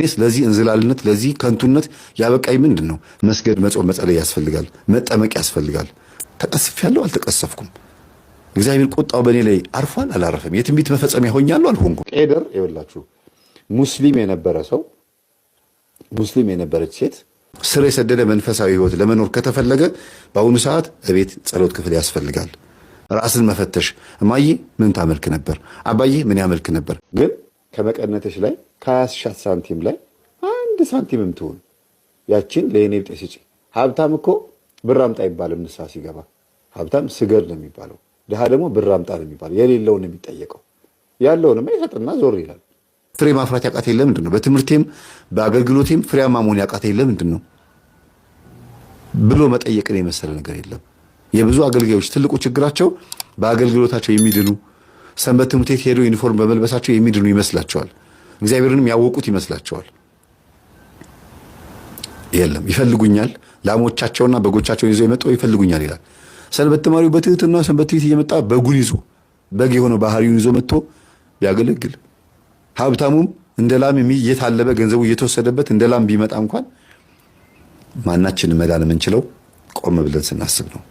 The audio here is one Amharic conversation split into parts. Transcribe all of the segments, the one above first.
እኔስ ለዚህ እንዝላልነት ለዚህ ከንቱነት ያበቃኝ ምንድን ነው? መስገድ፣ መጾም፣ መጸለይ ያስፈልጋል። መጠመቅ ያስፈልጋል። ተቀስፍ ያለው አልተቀሰፍኩም። እግዚአብሔር ቁጣው በእኔ ላይ አርፏል፣ አላረፈም። የትንቢት መፈጸሚያ ሆኛለሁ፣ አልሆንኩም። ቄደር ይኸውላችሁ፣ ሙስሊም የነበረ ሰው ሙስሊም የነበረች ሴት ስር የሰደደ መንፈሳዊ ህይወት ለመኖር ከተፈለገ በአሁኑ ሰዓት እቤት ጸሎት ክፍል ያስፈልጋል። ራስን መፈተሽ። እማዬ ምን ታመልክ ነበር? አባዬ ምን ያመልክ ነበር? ግን ከመቀነተሽ ላይ ከ20 ሳንቲም ላይ አንድ ሳንቲምም ትሆን ያችን ለእኔ ብጤ ስጪ። ሀብታም እኮ ብር አምጣ አይባልም። ንስሐ ሲገባ ሀብታም ስገድ ነው የሚባለው። ድሃ ደግሞ ብር አምጣ ነው የሚባለው። የሌለውን የሚጠየቀው ያለውን ይሰጥና ዞር ይላል። ፍሬ ማፍራት ያቃት የለ ምንድን ነው? በትምህርቴም በአገልግሎቴም ፍሬያማ መሆን ያቃት የለ ምንድን ነው ብሎ መጠየቅን የመሰለ ነገር የለም። የብዙ አገልጋዮች ትልቁ ችግራቸው በአገልግሎታቸው የሚድኑ ሰንበት ትምህርት ቤት ሄደው ዩኒፎርም በመልበሳቸው የሚድኑ ይመስላቸዋል። እግዚአብሔርንም ያወቁት ይመስላቸዋል። የለም ይፈልጉኛል፣ ላሞቻቸውና በጎቻቸውን ይዞ የመጣው ይፈልጉኛል ይላል። ሰንበት ተማሪው በትህትና ሰንበት ቤት እየመጣ በጉን ይዞ በግ የሆነ ባህሪውን ይዞ መጥቶ ቢያገለግል፣ ሀብታሙም እንደ ላም እየታለበ ገንዘቡ እየተወሰደበት እንደ ላም ቢመጣ እንኳን ማናችን መዳን የምንችለው ቆም ብለን ስናስብ ነው።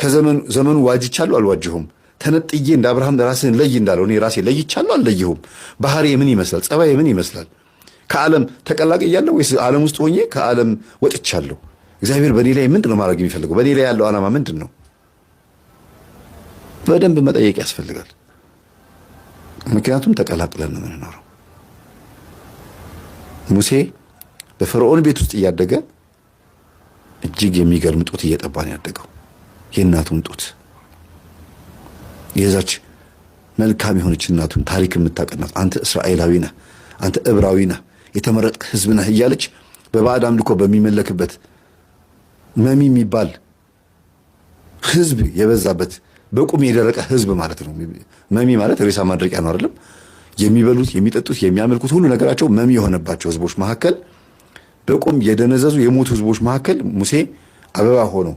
ከዘመኑ ዘመኑ ዋጅቻለሁ አልዋጅሁም ተነጥዬ እንደ አብርሃም ራስህን ለይ እንዳለው እኔ ራሴ ለይቻለሁ አልለይሁም። ባህሪ ምን ይመስላል? ጸባይ ምን ይመስላል? ከዓለም ተቀላቅ እያለሁ ወይስ ዓለም ውስጥ ሆኜ ከዓለም ወጥቻለሁ? እግዚአብሔር በእኔ ላይ ምንድን ነው ማድረግ የሚፈልገው? በእኔ ላይ ያለው ዓላማ ምንድን ነው? በደንብ መጠየቅ ያስፈልጋል። ምክንያቱም ተቀላቅለን ነው የምንኖረው። ሙሴ በፈርዖን ቤት ውስጥ እያደገ እጅግ የሚገርም ጡት እየጠባ ነው ያደገው፣ የእናቱን ጡት የዛች መልካም የሆነች እናቱን ታሪክ የምታቀናት አንተ እስራኤላዊ ነህ፣ አንተ እብራዊ ነህ፣ የተመረጥክ ህዝብ ነህ እያለች በባዕድ አምልኮ በሚመለክበት መሚ የሚባል ህዝብ የበዛበት በቁም የደረቀ ህዝብ ማለት ነው። መሚ ማለት ሬሳ ማድረቂያ ነው አይደለም? የሚበሉት የሚጠጡት፣ የሚያመልኩት ሁሉ ነገራቸው መሚ የሆነባቸው ህዝቦች መካከል በቁም የደነዘዙ የሞቱ ህዝቦች መካከል ሙሴ አበባ ሆኖ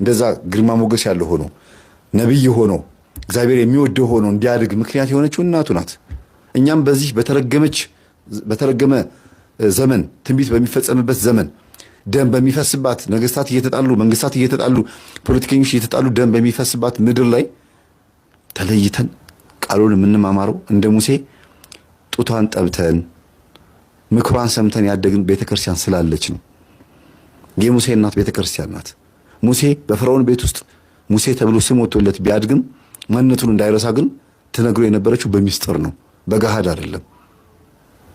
እንደዛ ግርማ ሞገስ ያለው ሆኖ ነቢይ ሆኖ እግዚአብሔር የሚወደው ሆኖ እንዲያድግ ምክንያት የሆነችው እናቱ ናት። እኛም በዚህ በተረገመች በተረገመ ዘመን ትንቢት በሚፈጸምበት ዘመን ደም በሚፈስባት ነገስታት እየተጣሉ መንግስታት እየተጣሉ ፖለቲከኞች እየተጣሉ ደም በሚፈስባት ምድር ላይ ተለይተን ቃሉን የምንማማረው እንደ ሙሴ ጡቷን ጠብተን ምክሯን ሰምተን ያደግን ቤተክርስቲያን ስላለች ነው። የሙሴ እናት ቤተክርስቲያን ናት። ሙሴ በፈርዖን ቤት ውስጥ ሙሴ ተብሎ ስም ወጥቶለት ቢያድግም ማንነቱን እንዳይረሳ ግን ትነግሮ የነበረችው በሚስጥር ነው፣ በገሃድ አይደለም።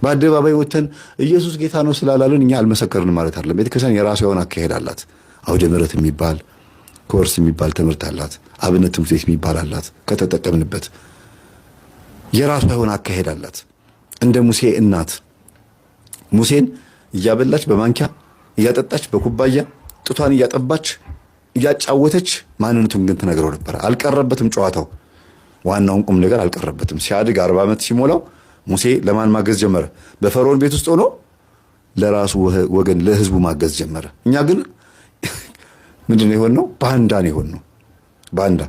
በአደባባይ ወተን ኢየሱስ ጌታ ነው ስላላለን እኛ አልመሰከርን ማለት አይደለም። ቤተክርስቲያን የራሷ የሆነ አካሄድ አላት። አውደ ምሕረት የሚባል ኮርስ የሚባል ትምህርት አላት። አብነት ትምህርት ቤት የሚባል አላት። ከተጠቀምንበት የራሷ የሆነ አካሄድ አላት። እንደ ሙሴ እናት ሙሴን እያበላች በማንኪያ እያጠጣች በኩባያ ጥቷን እያጠባች እያጫወተች ማንነቱን ግን ትነግረው ነበር። አልቀረበትም ጨዋታው፣ ዋናውን ቁም ነገር አልቀረበትም። ሲያድግ አርባ ዓመት ሲሞላው ሙሴ ለማን ማገዝ ጀመረ? በፈርዖን ቤት ውስጥ ሆኖ ለራሱ ወገን ለህዝቡ ማገዝ ጀመረ። እኛ ግን ምንድን ነው የሆነው? ባንዳ ነው የሆነው። ባንዳ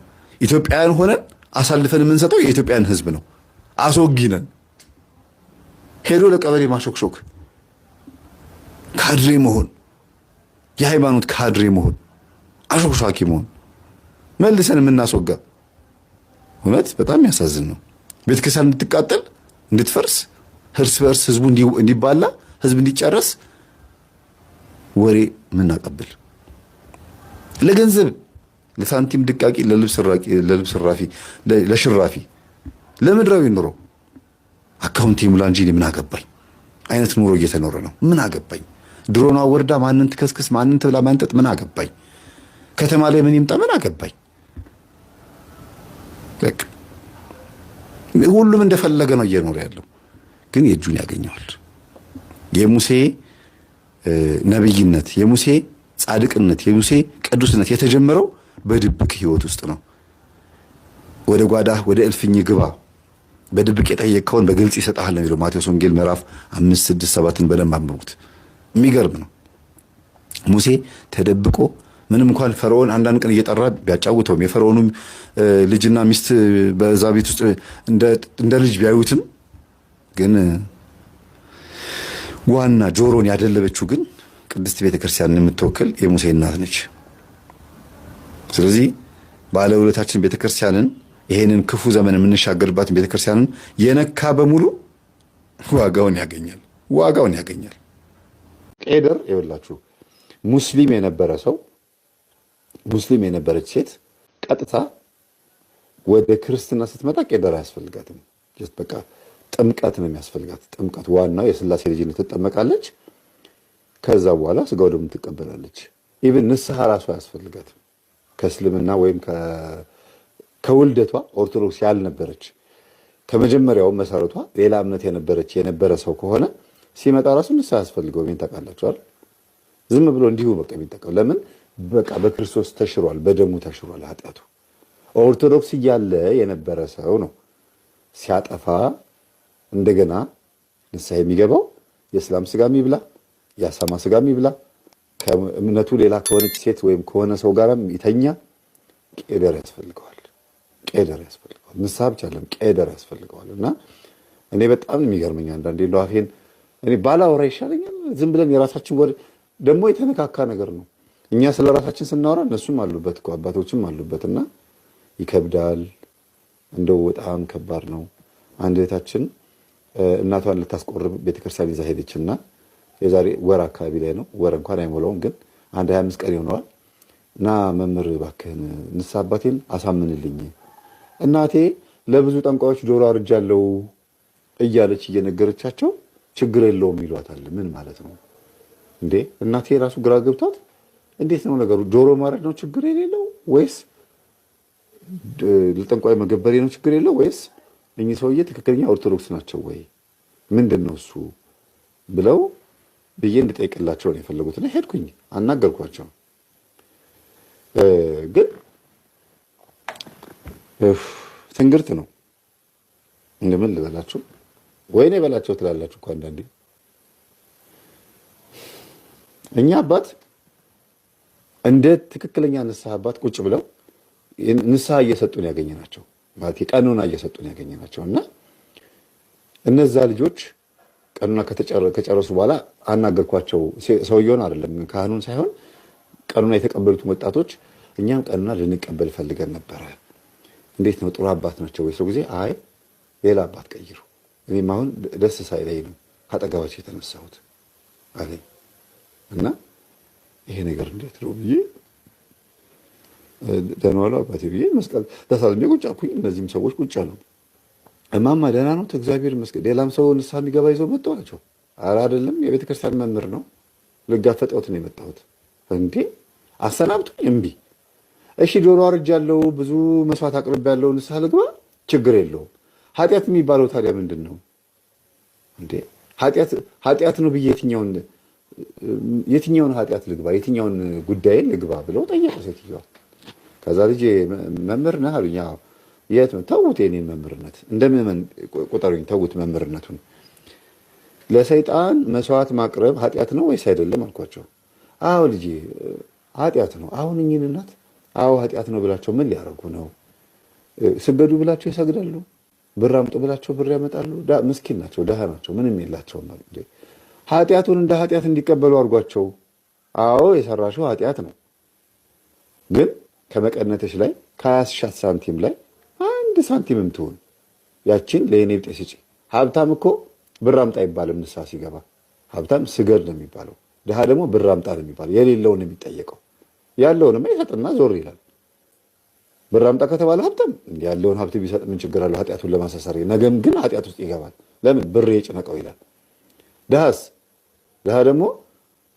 ኢትዮጵያውያን ሆነን አሳልፈን የምንሰጠው የኢትዮጵያን ህዝብ ነው። አስወጊነን ሄዶ ለቀበሌ ማሾክሾክ፣ ካድሬ መሆን፣ የሃይማኖት ካድሬ መሆን አሾክሻኪ ሐኪሙን መልሰን የምናስወጋ እውነት በጣም ያሳዝን ነው። ቤተክርስቲያን እንድትቃጠል እንድትፈርስ፣ እርስ በእርስ ህዝቡ እንዲባላ፣ ህዝብ እንዲጨረስ ወሬ ምናቀብል ለገንዘብ ለሳንቲም ድቃቂ፣ ለልብስ ራፊ፣ ለሽራፊ፣ ለምድራዊ ኑሮ አካውንት ሙላ እንጂ ምን አገባኝ አይነት ኑሮ እየተኖረ ነው። ምን አገባኝ ድሮኗ ወርዳ ማንን ትከስክስ፣ ማንን ትብላ፣ ማንጠጥ ምን አገባኝ። ከተማ ላይ ምን ይምጣ ምን አገባኝ። ሁሉም እንደፈለገ ነው እየኖረ ያለው፣ ግን የእጁን ያገኘዋል። የሙሴ ነቢይነት፣ የሙሴ ጻድቅነት፣ የሙሴ ቅዱስነት የተጀመረው በድብቅ ህይወት ውስጥ ነው። ወደ ጓዳህ ወደ እልፍኝ ግባ በድብቅ የጠየቅከውን በግልጽ ይሰጣል ነው የሚለው ማቴዎስ ወንጌል ምዕራፍ አምስት ስድስት ሰባትን በደንብ አንብቡት። የሚገርም ነው። ሙሴ ተደብቆ ምንም እንኳን ፈርዖን አንዳንድ ቀን እየጠራ ቢያጫውተውም የፈርዖኑም ልጅና ሚስት በዛ ቤት ውስጥ እንደ ልጅ ቢያዩትም ግን ዋና ጆሮን ያደለበችው ግን ቅድስት ቤተ ክርስቲያንን የምትወክል የሙሴ እናት ነች። ስለዚህ ባለውለታችን ቤተ ክርስቲያንን ይሄንን ክፉ ዘመን የምንሻገርባትን ቤተ ክርስቲያንን የነካ በሙሉ ዋጋውን ያገኛል፣ ዋጋውን ያገኛል። ቄደር የበላችሁ ሙስሊም የነበረ ሰው ሙስሊም የነበረች ሴት ቀጥታ ወደ ክርስትና ስትመጣ ቄደር አያስፈልጋትም። በቃ ጥምቀት ነው የሚያስፈልጋት። ጥምቀት ዋናው የስላሴ ልጅነት ትጠመቃለች። ከዛ በኋላ ስጋ ደግሞ ትቀበላለች። ኢብን ንስሐ ራሱ አያስፈልጋትም። ከእስልምና ወይም ከውልደቷ ኦርቶዶክስ ያልነበረች ከመጀመሪያው መሰረቷ ሌላ እምነት የነበረች የነበረ ሰው ከሆነ ሲመጣ ራሱ ንስሐ ያስፈልገው። ይሄን ታውቃላችኋል። ዝም ብሎ እንዲሁ በቃ የሚጠቀም ለምን በቃ በክርስቶስ ተሽሯል፣ በደሙ ተሽሯል ኃጢአቱ። ኦርቶዶክስ እያለ የነበረ ሰው ነው ሲያጠፋ እንደገና ንስሐ የሚገባው። የእስላም ስጋ የሚብላ የአሳማ ስጋ የሚብላ ከእምነቱ ሌላ ከሆነች ሴት ወይም ከሆነ ሰው ጋር ይተኛ፣ ቄደር ያስፈልገዋል። ቄደር ያስፈልገዋል። ንስሐ ብቻ አለም ቄደር ያስፈልገዋል። እና እኔ በጣም የሚገርመኝ አንዳንዴ እንደው እኔ ባላወራ ይሻለኛል። ዝም ብለን የራሳችን ወደ ደግሞ የተነካካ ነገር ነው እኛ ስለ ራሳችን ስናወራ እነሱም አሉበት እኮ አባቶችም አሉበት እና ይከብዳል። እንደው በጣም ከባድ ነው። አንድ እህታችን እናቷን ልታስቆርብ ቤተክርስቲያን ይዛ ሄደች እና የዛሬ ወር አካባቢ ላይ ነው። ወር እንኳን አይሞላውም፣ ግን አንድ ሀያ አምስት ቀን ይሆነዋል እና መምህር እባክህን ንስሐ አባቴን አሳምንልኝ እናቴ ለብዙ ጠንቋዮች አርጃ አርጃለሁ እያለች እየነገረቻቸው ችግር የለውም ይሏታል። ምን ማለት ነው እንዴ? እናቴ ራሱ ግራ ገብቷት እንዴት ነው ነገሩ? ጆሮ ማረድ ነው ችግር የሌለው ወይስ ለጠንቋይ መገበሬ ነው ችግር የለው ወይስ እኚህ ሰውዬ ትክክለኛ ኦርቶዶክስ ናቸው ወይ ምንድን ነው እሱ ብለው ብዬ እንድጠይቅላቸው ነው የፈለጉት። እና ሄድኩኝ አናገርኳቸው። ግን ትንግርት ነው እንደምን ልበላቸው ወይኔ በላቸው ትላላችሁ እኮ አንዳንዴ እኛ አባት እንደ ትክክለኛ ንስሐ አባት ቁጭ ብለው ንስሐ እየሰጡን ያገኘ ናቸው ማለት ቀኖና እየሰጡን ያገኘ ናቸው እና እነዛ ልጆች ቀኖና ከጨረሱ በኋላ አናገርኳቸው። ሰውየውን አይደለም ካህኑን ሳይሆን ቀኖና የተቀበሉትን ወጣቶች እኛም ቀኖና ልንቀበል ፈልገን ነበረ። እንዴት ነው ጥሩ አባት ናቸው ወይ? ሰው ጊዜ አይ ሌላ አባት ቀይሩ፣ እኔም አሁን ደስ ሳይለኝ ነው ካጠገባቸው የተነሳሁት አለኝ እና ይሄ ነገር እንዴት ነው ብዬ ደህና ዋሉ አባቴ ብዬ መስቀል ተሳልሜ ቁጭ አልኩኝ። እነዚህም ሰዎች ቁጭ አሉ። እማማ ደህና ነው እግዚአብሔር ይመስገን። ሌላም ሰው ንስሐ የሚገባ ይዘው መጡ አላቸው። ኧረ አይደለም የቤተክርስቲያን መምህር ነው ልጋፈጠውት ነው የመጣሁት። እንዴ አሰናብቱኝ። እምቢ እሺ፣ ዶሮ ያለው ብዙ መስዋዕት ያለው ንስሐ ልግባ፣ ችግር የለውም። ኃጢአት የሚባለው ታዲያ ምንድን ነው እንዴ? ኃጢአት ነው ብዬ የትኛውን የትኛውን ኃጢአት ልግባ፣ የትኛውን ጉዳይን ልግባ ብለው ጠየቁ ሴትዮዋ። ከዛ ልጅ መምህር ነህ አሉኝ። የት ተዉት፣ የኔን መምህርነት እንደምን ቁጠሩኝ፣ ተዉት መምህርነቱን። ለሰይጣን መስዋዕት ማቅረብ ኃጢአት ነው ወይስ አይደለም አልኳቸው። አዎ ልጅ ኃጢአት ነው። አሁን እኚህን እናት አዎ ኃጢአት ነው ብላቸው ምን ሊያደርጉ ነው? ስገዱ ብላቸው ይሰግዳሉ፣ ብር አምጡ ብላቸው ብር ያመጣሉ። ምስኪን ናቸው፣ ደሃ ናቸው፣ ምንም የላቸውም። ኃጢአቱን እንደ ኃጢአት እንዲቀበሉ አድርጓቸው። አዎ የሰራሽው ኃጢአት ነው፣ ግን ከመቀነትሽ ላይ ከ ሳንቲም ላይ አንድ ሳንቲምም ትሆን ያችን ለእኔ ብጤ ስጪ። ሀብታም እኮ ብር አምጣ አይባልም ሲገባ ሀብታም ስገድ ነው የሚባለው። ድሃ ደግሞ ብር አምጣ ነው የሚባለው። የሌለውን የሚጠየቀው ያለውንማ ይሰጥና ዞር ይላል። ብር አምጣ ከተባለ ሀብታም ያለውን ሀብት ቢሰጥ ምን ችግር አለው? ኃጢአቱን ለማሳሰር ነገም ግን ኃጢአት ውስጥ ይገባል። ለምን ብር የጭነቀው ይላል። ድሃስ ድሃ ደግሞ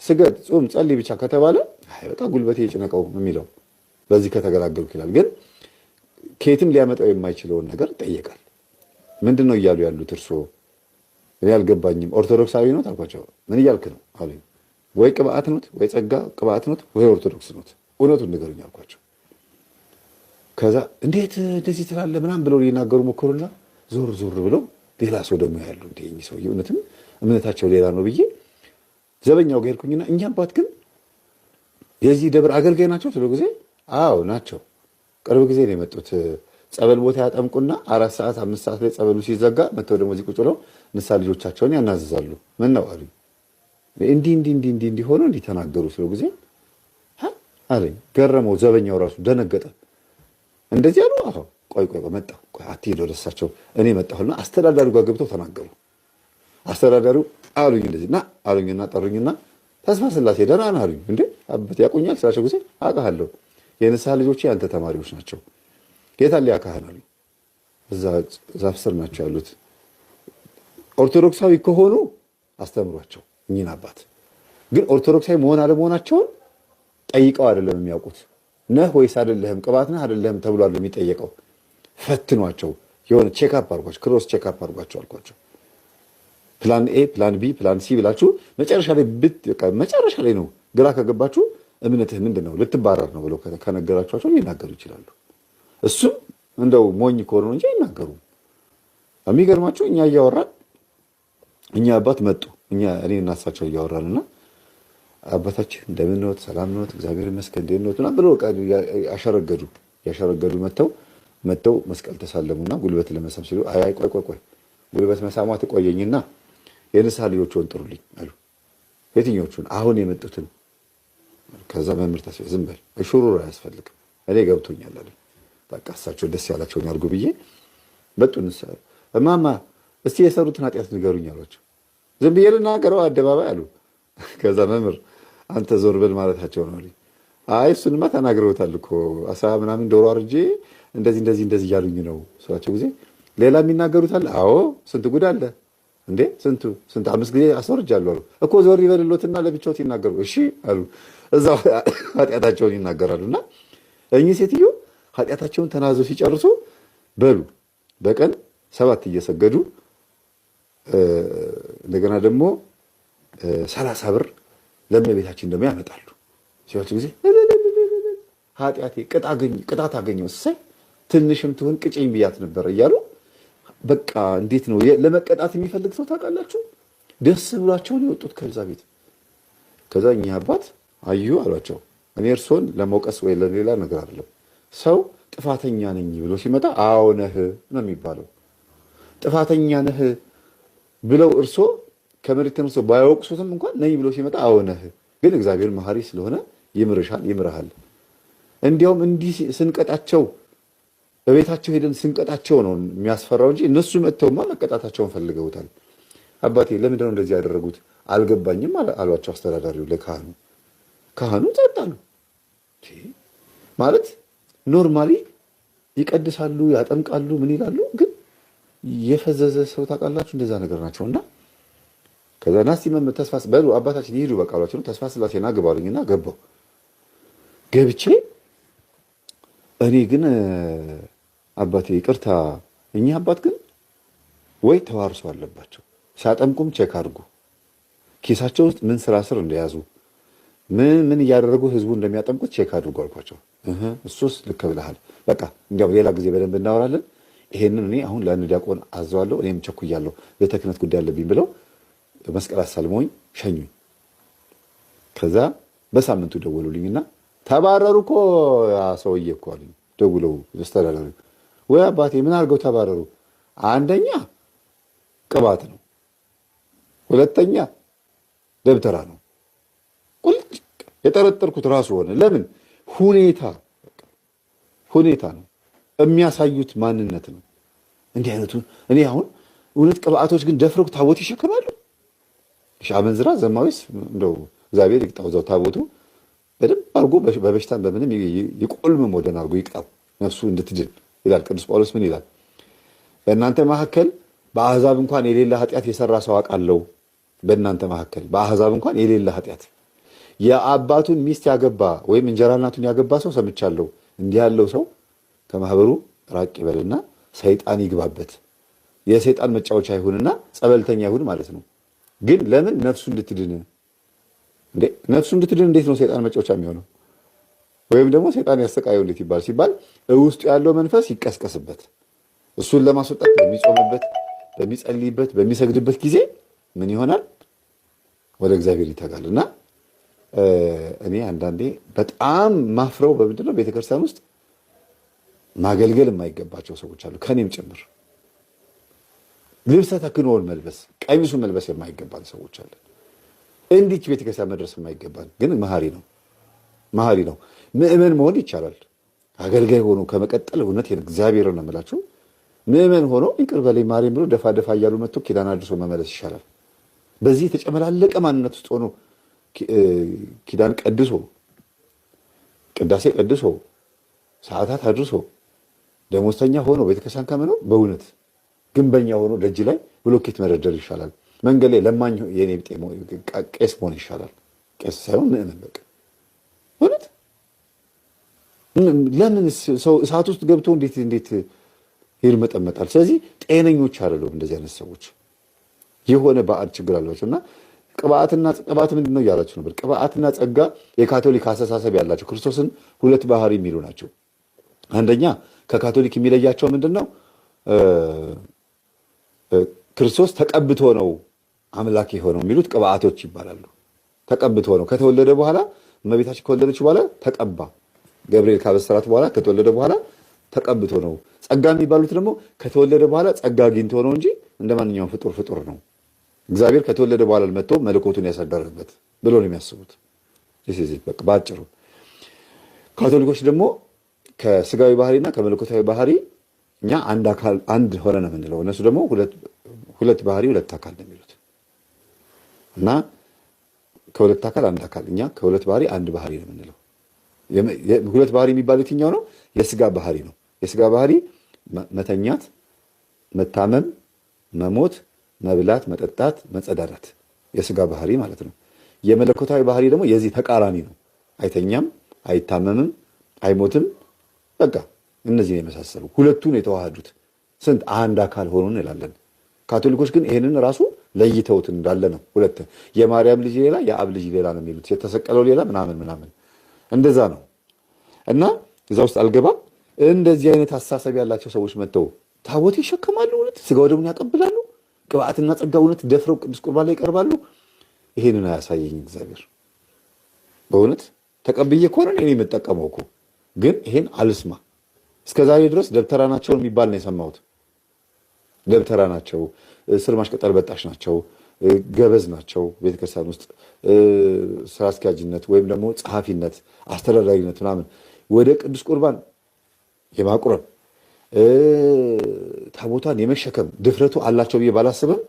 ስገድ፣ ጾም፣ ጸልይ ብቻ ከተባለ በጣም ጉልበቴ የጭነቀው የሚለው በዚህ ከተገላገልኩ ይላል። ግን ከየትም ሊያመጣው የማይችለውን ነገር ጠየቃል። ምንድን ነው እያሉ ያሉት እርስዎ? እኔ አልገባኝም። ኦርቶዶክሳዊ ኖት አልኳቸው። ምን እያልክ ነው አሉ። ወይ ቅብአት ኖት፣ ወይ ጸጋ ቅብአት ኖት፣ ወይ ኦርቶዶክስ ኖት። እውነቱን ንገሩኝ አልኳቸው። ከዛ እንዴት እንደዚህ ትላለ ምናም ብለው ሊናገሩ ሞከሩና ዞር ዞር ብለው ሌላ ሰው ደግሞ ያሉ እንደ ሰውዬ እውነትም እምነታቸው ሌላ ነው ብዬ ዘበኛው ጋር ሄድኩኝና እኛ አባት ግን የዚህ ደብር አገልጋይ ናቸው ስለ ጊዜ አዎ ናቸው። ቅርብ ጊዜ ነው የመጡት። ጸበል ቦታ ያጠምቁና አራት ሰዓት አምስት ሰዓት ላይ ጸበሉ ሲዘጋ መተው ደግሞ እዚህ ቁጭ ብለው ንሳ ልጆቻቸውን ያናዝዛሉ። ምን ነው አሉኝ። እንዲህ እንዲህ እንዲህ እንዲህ እንዲሆነ እንዲህ ተናገሩ ስለ ጊዜ አለኝ። ገረመው። ዘበኛው ራሱ ደነገጠ። እንደዚህ አሉ። አዎ ቆይ ቆይ መጣሁ። አትሄድ ወደ እሳቸው እኔ መጣሁና አስተዳዳሪ ጋር ገብተው ተናገሩ። አስተዳዳሪው አሉኝ እንደዚህ ና አሉኝና ጠሩኝና ተስፋ ስላሴ ደህና ነህ አሉኝ። እንዴ አባት ያቆኛል ስላቸው ጊዜ አውቃለሁ፣ የንስሐ ልጆች የአንተ ተማሪዎች ናቸው። ጌታ ሊያካህን አሉ። እዛ ዛፍ ስር ናቸው ያሉት። ኦርቶዶክሳዊ ከሆኑ አስተምሯቸው እኚህን አባት። ግን ኦርቶዶክሳዊ መሆን አለመሆናቸውን ጠይቀው አይደለም የሚያውቁት። ነህ ወይስ አይደለህም፣ ቅባት ነህ አይደለህም ተብሎ የሚጠየቀው። ፈትኗቸው፣ የሆነ ቼክ አፕ አድርጓቸው፣ ክሮስ ቼክ አፕ አድርጓቸው አልኳቸው። ፕላን ኤ፣ ፕላን ቢ፣ ፕላን ሲ ብላችሁ መጨረሻ ላይ መጨረሻ ላይ ነው ግራ ከገባችሁ እምነትህ ምንድን ነው ልትባረር ነው ብለው ከነገራችኋቸው ሊናገሩ ይችላሉ። እሱም እንደው ሞኝ ከሆነ እንጂ አይናገሩም። የሚገርማችሁ እኛ እያወራን እኛ አባት መጡ እኛ እኔ እናሳቸው እያወራን እና አባታችን እንደምንወት ሰላም ነት እግዚአብሔር ይመስገን እንደምንወት ና ብለው ያሸረገዱ ያሸረገዱ መጥተው መጥተው መስቀል ተሳለሙና ጉልበት ለመሳም ሲሉ አይ ቆይ ቆይ ቆይ ጉልበት መሳማት ቆየኝና የንስሐ ልጆችን ጥሩልኝ አሉ። የትኞቹን? አሁን የመጡትን። ከዛ መምህር ተስፋዬ ዝም በል ሹሩር አያስፈልግም እኔ ገብቶኛል አለ። በቃ እሳቸው ደስ ያላቸውን ያርጉ ብዬ መጡ። ንስሐ እማማ እስቲ የሰሩትን ኃጢአት ንገሩኝ አሏቸው። ዝም ብዬ ልናገረው አደባባይ አሉ። ከዛ መምህር አንተ ዞር በል ማለታቸው ነው። አይ እሱንማ ተናግረውታል እኮ አስራ ምናምን ዶሮ አርጄ እንደዚህ እንደዚህ እንደዚህ እያሉኝ ነው ስላቸው ጊዜ ሌላ የሚናገሩታል። አዎ ስንት ጉድ አለ እንዴ ስንቱ ስንት አምስት ጊዜ አስወርጃለሁ አሉ እኮ ዞር ይበልሎትና ለብቻዎት ይናገሩ እሺ አሉ። እዛ ኃጢአታቸውን ይናገራሉ። እና እኚህ ሴትዮ ኃጢአታቸውን ተናዘው ሲጨርሱ በሉ በቀን ሰባት እየሰገዱ እንደገና ደግሞ ሰላሳ ብር ለእመቤታችን ደግሞ ያመጣሉ። ሲወጡ ጊዜ ኃጢአቴ ቅጣት አገኘው እሰይ ትንሽም ትሆን ቅጭኝ ብያት ነበር እያሉ በቃ እንዴት ነው ለመቀጣት የሚፈልግ ሰው ታውቃላችሁ? ደስ ብሏቸውን የወጡት ከዛ ቤት። ከዛ እኚህ አባት አዩ አሏቸው፣ እኔ እርሶን ለመውቀስ ወይ ለሌላ ነገር አይደለም፣ ሰው ጥፋተኛ ነኝ ብሎ ሲመጣ አዎ ነህ ነው የሚባለው። ጥፋተኛ ነህ ብለው እርሶ ከመሬት ተነስቶ ባያወቅሱትም እንኳን ነኝ ብሎ ሲመጣ አዎ ነህ፣ ግን እግዚአብሔር መሐሪ ስለሆነ ይምርሻል፣ ይምርሃል። እንዲያውም እንዲህ ስንቀጣቸው በቤታቸው ሄደን ስንቀጣቸው ነው የሚያስፈራው እንጂ እነሱ መጥተውማ መቀጣታቸውን ፈልገውታል። አባቴ ለምንድን ነው እንደዚህ ያደረጉት አልገባኝም አሏቸው አስተዳዳሪው ለካህኑ። ካህኑ ጸጥ አሉ። ማለት ኖርማሊ ይቀድሳሉ፣ ያጠምቃሉ፣ ምን ይላሉ፣ ግን የፈዘዘ ሰው ታውቃላችሁ፣ እንደዛ ነገር ናቸው እና ከዛ ናስቲ መምህር ተስፋ በሉ አባታችን ይሄዱ በቃ አሏቸው። ተስፋ ስላሴና ግባሉኝና ገባው ገብቼ እኔ ግን አባቴ ይቅርታ፣ እኚህ አባት ግን ወይ ተዋርሶ አለባቸው። ሲያጠምቁም ቼክ አድርጉ ኪሳቸው ውስጥ ምን ስራ ስር እንደያዙ ምን ምን እያደረጉ ህዝቡ እንደሚያጠምቁት ቼክ አድርጉ አልኳቸው። እሱስ ልክ ብለሃል። በቃ እንዲያው ሌላ ጊዜ በደንብ እናወራለን። ይሄንን እኔ አሁን ለአንድ ዲያቆን አዘዋለሁ። እኔም ቸኩያለሁ፣ ቤተ ክህነት ጉዳይ አለብኝ ብለው መስቀል አሳልመውኝ ሸኙኝ። ከዛ በሳምንቱ ደወሉልኝና ተባረሩ እኮ ሰውዬ እኮ አሉኝ። ደውለው አስተዳዳሪ ወይ አባቴ ምን አድርገው ተባረሩ? አንደኛ ቅባት ነው፣ ሁለተኛ ደብተራ ነው። ቁልጭ የጠረጠርኩት ራሱ ሆነ። ለምን ሁኔታ ሁኔታ ነው የሚያሳዩት ማንነት ነው። እንዲህ አይነቱ እኔ አሁን እውነት ቅብአቶች ግን ደፍረው ታቦት ይሸክማሉ። አመንዝራ ዘማዊስ እንደው እግዚአብሔር ይቅጣው እዛው ታቦቱ በደንብ አድርጎ በበሽታን በምንም ይቆልምም ወደን አድርጎ ይቅጣው ነፍሱ እንድትድን ይላል ቅዱስ ጳውሎስ። ምን ይላል? በእናንተ መካከል በአህዛብ እንኳን የሌለ ኃጢአት የሰራ ሰው አውቃለሁ። በእናንተ መካከል በአህዛብ እንኳን የሌለ ኃጢአት የአባቱን ሚስት ያገባ ወይም እንጀራ እናቱን ያገባ ሰው ሰምቻለሁ። እንዲህ ያለው ሰው ከማህበሩ ራቅ ይበልና ሰይጣን ይግባበት፣ የሰይጣን መጫወቻ ይሁንና ጸበልተኛ ይሁን ማለት ነው። ግን ለምን ነፍሱ እንድትድን ነፍሱ እንድትድን እንዴት ነው ሰይጣን መጫወቻ የሚሆነው? ወይም ደግሞ ሴጣን ያሰቃየውለት ይባል ሲባል ውስጡ ያለው መንፈስ ይቀስቀስበት። እሱን ለማስወጣት በሚጾምበት፣ በሚጸልይበት፣ በሚሰግድበት ጊዜ ምን ይሆናል? ወደ እግዚአብሔር ይተጋል እና እኔ አንዳንዴ በጣም ማፍረው በምንድነው ቤተክርስቲያን ውስጥ ማገልገል የማይገባቸው ሰዎች አሉ፣ ከኔም ጭምር ልብሰ ተክህኖውን መልበስ ቀሚሱን መልበስ የማይገባን ሰዎች አለ። እንዲች ቤተክርስቲያን መድረስ የማይገባን ግን መሀሪ ነው መሀሪ ነው። ምእመን መሆን ይቻላል። አገልጋይ ሆኖ ከመቀጠል እውነት እግዚአብሔር ነው የምላችሁ ምእመን ሆኖ ይቅር በለኝ ማርያም ብሎ ደፋ ደፋ እያሉ መጥቶ ኪዳን አድርሶ መመለስ ይሻላል። በዚህ የተጨመላለቀ ማንነት ውስጥ ሆኖ ኪዳን ቀድሶ ቅዳሴ ቀድሶ ሰዓታት አድርሶ ደሞዝተኛ ሆኖ ቤተክርስቲያን ከምነው በእውነት ግንበኛ ሆኖ ደጅ ላይ ብሎኬት መደርደር ይሻላል። መንገድ ላይ ለማኝ የኔ ቄስ መሆን ይሻላል። ቄስ ሳይሆን ምእመን በቃ ለምን ሰው እሳት ውስጥ ገብቶ እንዴት እንዴት ይርመጠመጣል? ስለዚህ ጤነኞች አይደሉም እንደዚህ አይነት ሰዎች። የሆነ በአል ችግር አሏቸው እና ቅባትና ቅባት ምንድን ነው እያላቸው ነበር። ቅባትና ጸጋ የካቶሊክ አስተሳሰብ ያላቸው ክርስቶስን ሁለት ባህሪ የሚሉ ናቸው። አንደኛ ከካቶሊክ የሚለያቸው ምንድን ነው? ክርስቶስ ተቀብቶ ነው አምላክ የሆነው የሚሉት ቅባቶች ይባላሉ። ተቀብቶ ነው ከተወለደ በኋላ እመቤታችን ከወለደች በኋላ ተቀባ ገብርኤል ካበሰራት በኋላ ከተወለደ በኋላ ተቀብቶ ነው። ጸጋ የሚባሉት ደግሞ ከተወለደ በኋላ ጸጋ አግኝቶ ነው እንጂ እንደ ማንኛውም ፍጡር ፍጡር ነው። እግዚአብሔር ከተወለደ በኋላ መጥቶ መልኮቱን ያሳደረበት ብሎ ነው የሚያስቡት። በአጭሩ ካቶሊኮች ደግሞ ከስጋዊ ባህሪና ከመልኮታዊ ባህሪ እኛ አንድ አካል አንድ ሆነ ነው የምንለው። እነሱ ደግሞ ሁለት ባህሪ ሁለት አካል ነው የሚሉት እና ከሁለት አካል አንድ አካል፣ እኛ ከሁለት ባህሪ አንድ ባህሪ ነው የምንለው። ሁለት ባህሪ የሚባል የትኛው ነው? የስጋ ባህሪ ነው። የስጋ ባህሪ መተኛት፣ መታመም፣ መሞት፣ መብላት፣ መጠጣት፣ መጸዳዳት የስጋ ባህሪ ማለት ነው። የመለኮታዊ ባህሪ ደግሞ የዚህ ተቃራኒ ነው። አይተኛም፣ አይታመምም፣ አይሞትም። በቃ ነው የመሳሰሉ ሁለቱን የተዋሃዱት ስንት አንድ አካል ሆኑን እንላለን። ካቶሊኮች ግን ይህንን ራሱ ለይተውት እንዳለ ነው። ሁለት የማርያም ልጅ ሌላ፣ የአብ ልጅ ሌላ ነው የሚሉት የተሰቀለው ሌላ ምናምን ምናምን እንደዛ ነው እና እዛ ውስጥ አልገባም። እንደዚህ አይነት አስተሳሰብ ያላቸው ሰዎች መጥተው ታቦት ይሸከማሉ፣ እውነት ስጋ ደሙን ያቀብላሉ፣ ቅብአትና ጸጋ እውነት ደፍረው ቅዱስ ቁርባን ላይ ይቀርባሉ። ይሄንን አያሳየኝ እግዚአብሔር። በእውነት ተቀብዬ ከሆነ እኔ የምጠቀመው እኮ ግን ይሄን አልስማ። እስከ ዛሬ ድረስ ደብተራ ናቸው የሚባል ነው የሰማሁት። ደብተራ ናቸው፣ ስር ማሽቀጠል በጣሽ ናቸው ገበዝ ናቸው። ቤተክርስቲያን ውስጥ ስራ አስኪያጅነት ወይም ደግሞ ጸሐፊነት፣ አስተዳዳሪነት ምናምን ወደ ቅዱስ ቁርባን የማቁረብ ታቦቷን የመሸከም ድፍረቱ አላቸው ብዬ ባላስብም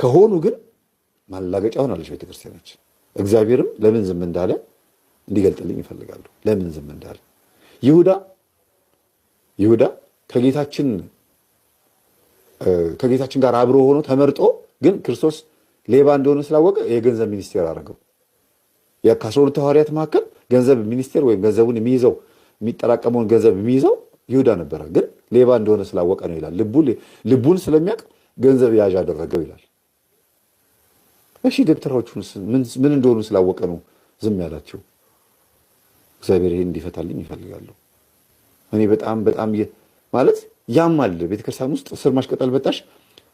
ከሆኑ ግን ማላገጫ ሆናለች ቤተክርስቲያናችን። እግዚአብሔርም ለምን ዝም እንዳለ እንዲገልጥልኝ ይፈልጋሉ። ለምን ዝም እንዳለ ይሁዳ ይሁዳ ከጌታችን ከጌታችን ጋር አብሮ ሆኖ ተመርጦ ግን ክርስቶስ ሌባ እንደሆነ ስላወቀ የገንዘብ ሚኒስቴር አደረገው። ከአስራ ሁለቱ ሐዋርያት መካከል ገንዘብ ሚኒስቴር ወይም ገንዘቡን የሚይዘው የሚጠራቀመውን ገንዘብ የሚይዘው ይሁዳ ነበረ። ግን ሌባ እንደሆነ ስላወቀ ነው ይላል። ልቡን ስለሚያውቅ ገንዘብ ያዥ አደረገው ይላል። እሺ ደብተራዎቹን ምን እንደሆኑ ስላወቀ ነው ዝም ያላቸው? እግዚአብሔር ይህን እንዲፈታልኝ ይፈልጋሉ። እኔ በጣም በጣም ማለት አለ ቤተክርስቲያን ውስጥ ስር ማሽቀጠል በጣሽ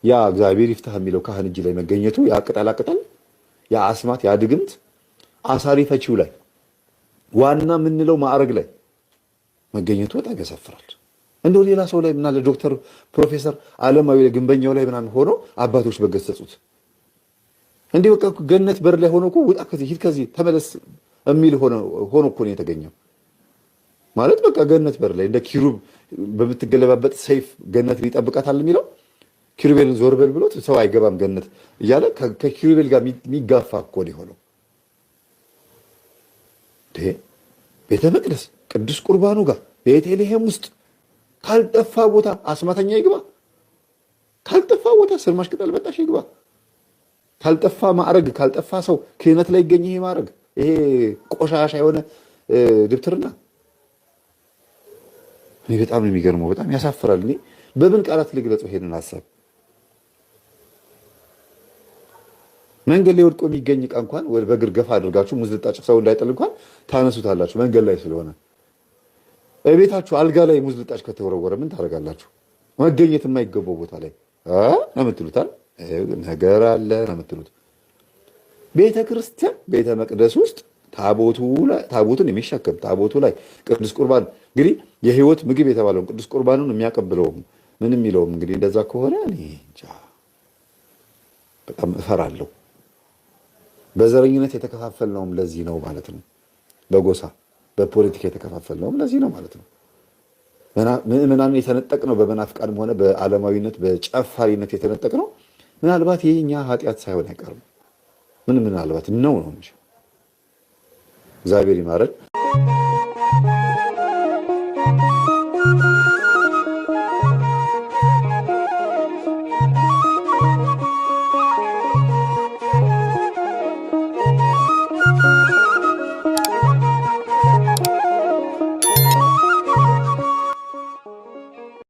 ያ እግዚአብሔር ይፍታህ የሚለው ካህን እጅ ላይ መገኘቱ ያ ቅጠላቅጠል ያ አስማት ያ ድግምት አሳሪ ፈቺው ላይ ዋና የምንለው ማዕረግ ላይ መገኘቱ በጣም ያሳፍራል። እንደው ሌላ ሰው ላይ ምናለ ዶክተር ፕሮፌሰር አለማዊ ግንበኛው ላይ ምናምን ሆኖ አባቶች በገሰጹት እንዲህ በቃ ገነት በር ላይ ሆኖ እኮ ውጣ ከዚህ ሂድ ከዚህ ተመለስ የሚል ሆኖ እኮ ነው የተገኘው። ማለት በቃ ገነት በር ላይ እንደ ኪሩብ በምትገለባበጥ ሰይፍ ገነት ይጠብቃታል የሚለው ኪሩቤልን ዞር በል ብሎት ሰው አይገባም ገነት እያለ ከኪሩቤል ጋር የሚጋፋ እኮ የሆነው ቤተ መቅደስ ቅዱስ ቁርባኑ ጋር ቤተልሔም ውስጥ ካልጠፋ ቦታ አስማተኛ ይግባ፣ ካልጠፋ ቦታ ስርማሽ ቅጠል በጣሽ ይግባ፣ ካልጠፋ ማዕረግ ካልጠፋ ሰው ክህነት ላይ ይገኝ። ይሄ ማዕረግ ይሄ ቆሻሻ የሆነ ድብትርና እኔ በጣም ነው የሚገርመው። በጣም ያሳፍራል። እኔ በምን ቃላት ልግለጽ ይሄንን ሀሳብ? መንገድ ላይ ወድቆ የሚገኝ እቃ እንኳን በእግር ገፋ አድርጋችሁ ሙዝ ልጣጭፍ ሰው እንዳይጥል እንኳን ታነሱታላችሁ። መንገድ ላይ ስለሆነ ቤታችሁ አልጋ ላይ ሙዝ ልጣጭ ከተወረወረ ምን ታደርጋላችሁ? መገኘት የማይገባው ቦታ ላይ ነምትሉታል። ነገር አለ ነምትሉት። ቤተ ክርስቲያን ቤተ መቅደስ ውስጥ ታቦቱን የሚሸከም ታቦቱ ላይ ቅዱስ ቁርባን እንግዲህ የህይወት ምግብ የተባለውን ቅዱስ ቁርባኑን የሚያቀብለውም ምን የሚለውም እንግዲህ እንደዛ ከሆነ እኔ እንጃ በጣም እፈራለሁ። በዘረኝነት የተከፋፈልነውም ለዚህ ነው ማለት ነው። በጎሳ በፖለቲካ የተከፋፈልነውም ለዚህ ነው ማለት ነው። ምዕመናን የተነጠቅነው በመናፍቃድም ሆነ በዓለማዊነት በጨፋሪነት የተነጠቅነው ምናልባት ይህኛ ኃጢአት ሳይሆን አይቀርም። ምን ምናልባት ነው ነው እንጂ እግዚአብሔር ይማረን።